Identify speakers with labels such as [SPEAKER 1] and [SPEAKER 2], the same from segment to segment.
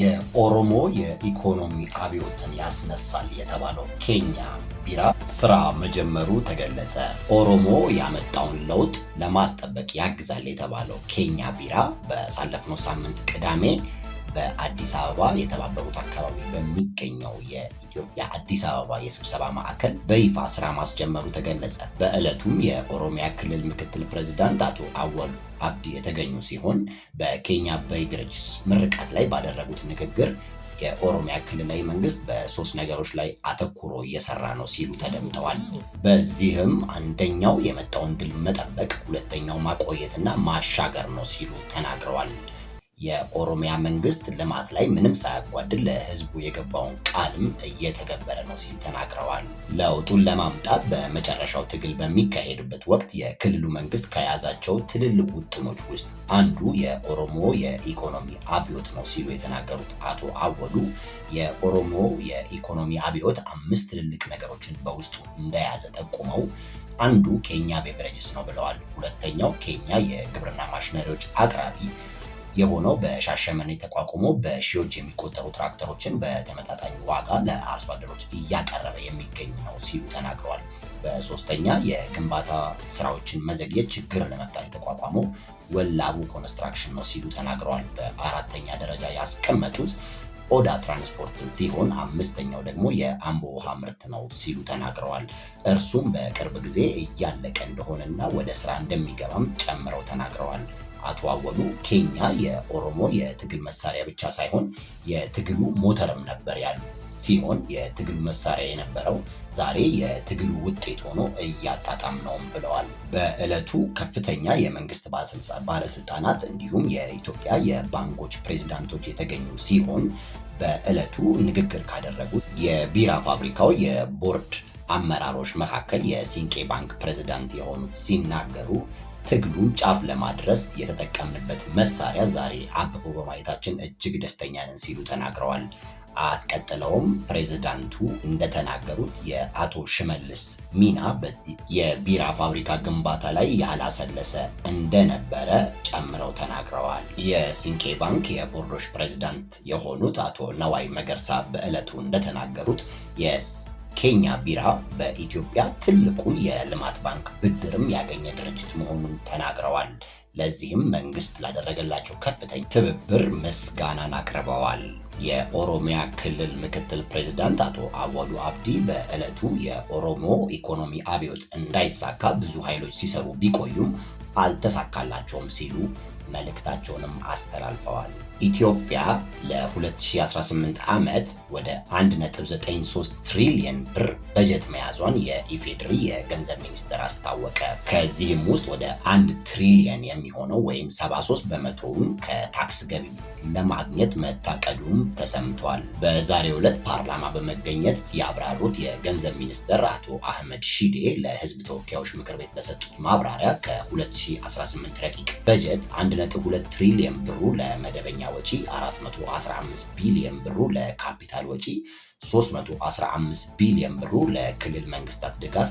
[SPEAKER 1] የኦሮሞ የኢኮኖሚ አብዮትን ያስነሳል የተባለው ኬኛ ቢራ ስራ መጀመሩ ተገለጸ። ኦሮሞ ያመጣውን ለውጥ ለማስጠበቅ ያግዛል የተባለው ኬኛ ቢራ በሳለፍነው ሳምንት ቅዳሜ በአዲስ አበባ የተባበሩት አካባቢ በሚገኘው የኢትዮጵያ አዲስ አበባ የስብሰባ ማዕከል በይፋ ስራ ማስጀመሩ ተገለጸ። በዕለቱም የኦሮሚያ ክልል ምክትል ፕሬዚዳንት አቶ አወሉ አብዲ የተገኙ ሲሆን በኬንያ ቤቨሬጅስ ምርቃት ላይ ባደረጉት ንግግር የኦሮሚያ ክልላዊ መንግስት በሶስት ነገሮች ላይ አተኩሮ እየሰራ ነው ሲሉ ተደምጠዋል። በዚህም አንደኛው የመጣውን ድል መጠበቅ፣ ሁለተኛው ማቆየትና ማሻገር ነው ሲሉ ተናግረዋል። የኦሮሚያ መንግስት ልማት ላይ ምንም ሳያጓድል ለህዝቡ የገባውን ቃልም እየተገበረ ነው ሲል ተናግረዋል። ለውጡን ለማምጣት በመጨረሻው ትግል በሚካሄድበት ወቅት የክልሉ መንግስት ከያዛቸው ትልልቅ ውጥኖች ውስጥ አንዱ የኦሮሞ የኢኮኖሚ አብዮት ነው ሲሉ የተናገሩት አቶ አወሉ የኦሮሞ የኢኮኖሚ አብዮት አምስት ትልልቅ ነገሮችን በውስጡ እንደያዘ ጠቁመው አንዱ ኬኛ ቤቨሬጅስ ነው ብለዋል። ሁለተኛው ኬኛ የግብርና ማሽነሪዎች አቅራቢ የሆነው በሻሸመኔ ተቋቁሞ በሺዎች የሚቆጠሩ ትራክተሮችን በተመጣጣኝ ዋጋ ለአርሶ አደሮች እያቀረበ የሚገኝ ነው ሲሉ ተናግረዋል። በሶስተኛ የግንባታ ስራዎችን መዘግየት ችግር ለመፍታት የተቋቋመው ወላቡ ኮንስትራክሽን ነው ሲሉ ተናግረዋል። በአራተኛ ደረጃ ያስቀመጡት ኦዳ ትራንስፖርት ሲሆን አምስተኛው ደግሞ የአምቦ ውሃ ምርት ነው ሲሉ ተናግረዋል። እርሱም በቅርብ ጊዜ እያለቀ እንደሆነና ወደ ስራ እንደሚገባም ጨምረው ተናግረዋል። አቶ አወሉ ኬኛ የኦሮሞ የትግል መሳሪያ ብቻ ሳይሆን የትግሉ ሞተርም ነበር ያሉ ሲሆን የትግል መሳሪያ የነበረው ዛሬ የትግሉ ውጤት ሆኖ እያጣጣም ነውም ብለዋል። በዕለቱ ከፍተኛ የመንግስት ባለስልጣናት እንዲሁም የኢትዮጵያ የባንኮች ፕሬዚዳንቶች የተገኙ ሲሆን በዕለቱ ንግግር ካደረጉት የቢራ ፋብሪካው የቦርድ አመራሮች መካከል የሲንቄ ባንክ ፕሬዚዳንት የሆኑት ሲናገሩ ትግሉን ጫፍ ለማድረስ የተጠቀምንበት መሳሪያ ዛሬ አብቦ በማየታችን እጅግ ደስተኛ ነን ሲሉ ተናግረዋል። አስቀጥለውም ፕሬዝዳንቱ እንደተናገሩት የአቶ ሽመልስ ሚና በዚህ የቢራ ፋብሪካ ግንባታ ላይ ያላሰለሰ እንደነበረ ጨምረው ተናግረዋል። የሲንኬ ባንክ የቦርዶች ፕሬዝዳንት የሆኑት አቶ ነዋይ መገርሳ በዕለቱ እንደተናገሩት ኬኛ ቢራ በኢትዮጵያ ትልቁን የልማት ባንክ ብድርም ያገኘ ድርጅት መሆኑን ተናግረዋል። ለዚህም መንግስት ላደረገላቸው ከፍተኛ ትብብር ምስጋናን አቅርበዋል። የኦሮሚያ ክልል ምክትል ፕሬዚዳንት አቶ አወሉ አብዲ በዕለቱ የኦሮሞ ኢኮኖሚ አብዮት እንዳይሳካ ብዙ ኃይሎች ሲሰሩ ቢቆዩም አልተሳካላቸውም ሲሉ መልእክታቸውንም አስተላልፈዋል። ኢትዮጵያ ለ2018 ዓመት ወደ 1.93 ትሪሊየን ብር በጀት መያዟን የኢፌድሪ የገንዘብ ሚኒስቴር አስታወቀ። ከዚህም ውስጥ ወደ 1 ትሪሊየን የሚሆነው ወይም 73 በመቶውን ከታክስ ገቢ ለማግኘት መታቀዱም ተሰምቷል። በዛሬው ዕለት ፓርላማ በመገኘት ያብራሩት የገንዘብ ሚኒስትር አቶ አህመድ ሺዴ ለሕዝብ ተወካዮች ምክር ቤት በሰጡት ማብራሪያ ከ2018 ረቂቅ በጀት 1.2 ትሪሊየን ብሩ ለመደበኛ ወጪ 415 ቢሊዮን ብሩ ለካፒታል ወጪ 315 ቢሊዮን ብሩ ለክልል መንግስታት ድጋፍ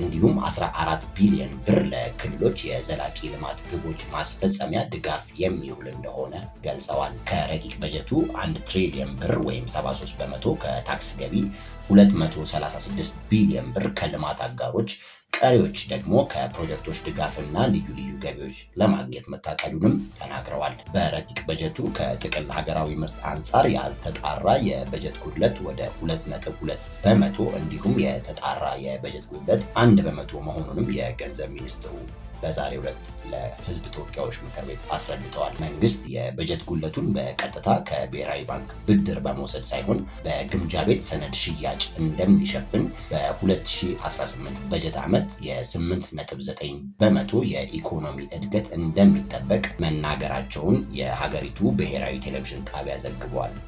[SPEAKER 1] እንዲሁም 14 ቢሊዮን ብር ለክልሎች የዘላቂ ልማት ግቦች ማስፈጸሚያ ድጋፍ የሚውል እንደሆነ ገልጸዋል። ከረቂቅ በጀቱ 1 ትሪሊዮን ብር ወይም 73 በመቶ ከታክስ ገቢ፣ 236 ቢሊዮን ብር ከልማት አጋሮች ቀሪዎች ደግሞ ከፕሮጀክቶች ድጋፍና ልዩ ልዩ ገቢዎች ለማግኘት መታቀዱንም ተናግረዋል። በረቂቅ በጀቱ ከጥቅል ሀገራዊ ምርት አንጻር ያልተጣራ የበጀት ጉድለት ወደ 2.2 በመቶ እንዲሁም የተጣራ የበጀት ጉድለት አንድ በመቶ መሆኑንም የገንዘብ ሚኒስትሩ በዛሬው ዕለት ለህዝብ ተወካዮች ምክር ቤት አስረድተዋል። መንግስት የበጀት ጉለቱን በቀጥታ ከብሔራዊ ባንክ ብድር በመውሰድ ሳይሆን በግምጃ ቤት ሰነድ ሽያጭ እንደሚሸፍን በ2018 በጀት ዓመት የ8.9 በመቶ የኢኮኖሚ እድገት እንደሚጠበቅ መናገራቸውን የሀገሪቱ ብሔራዊ ቴሌቪዥን ጣቢያ ዘግቧል።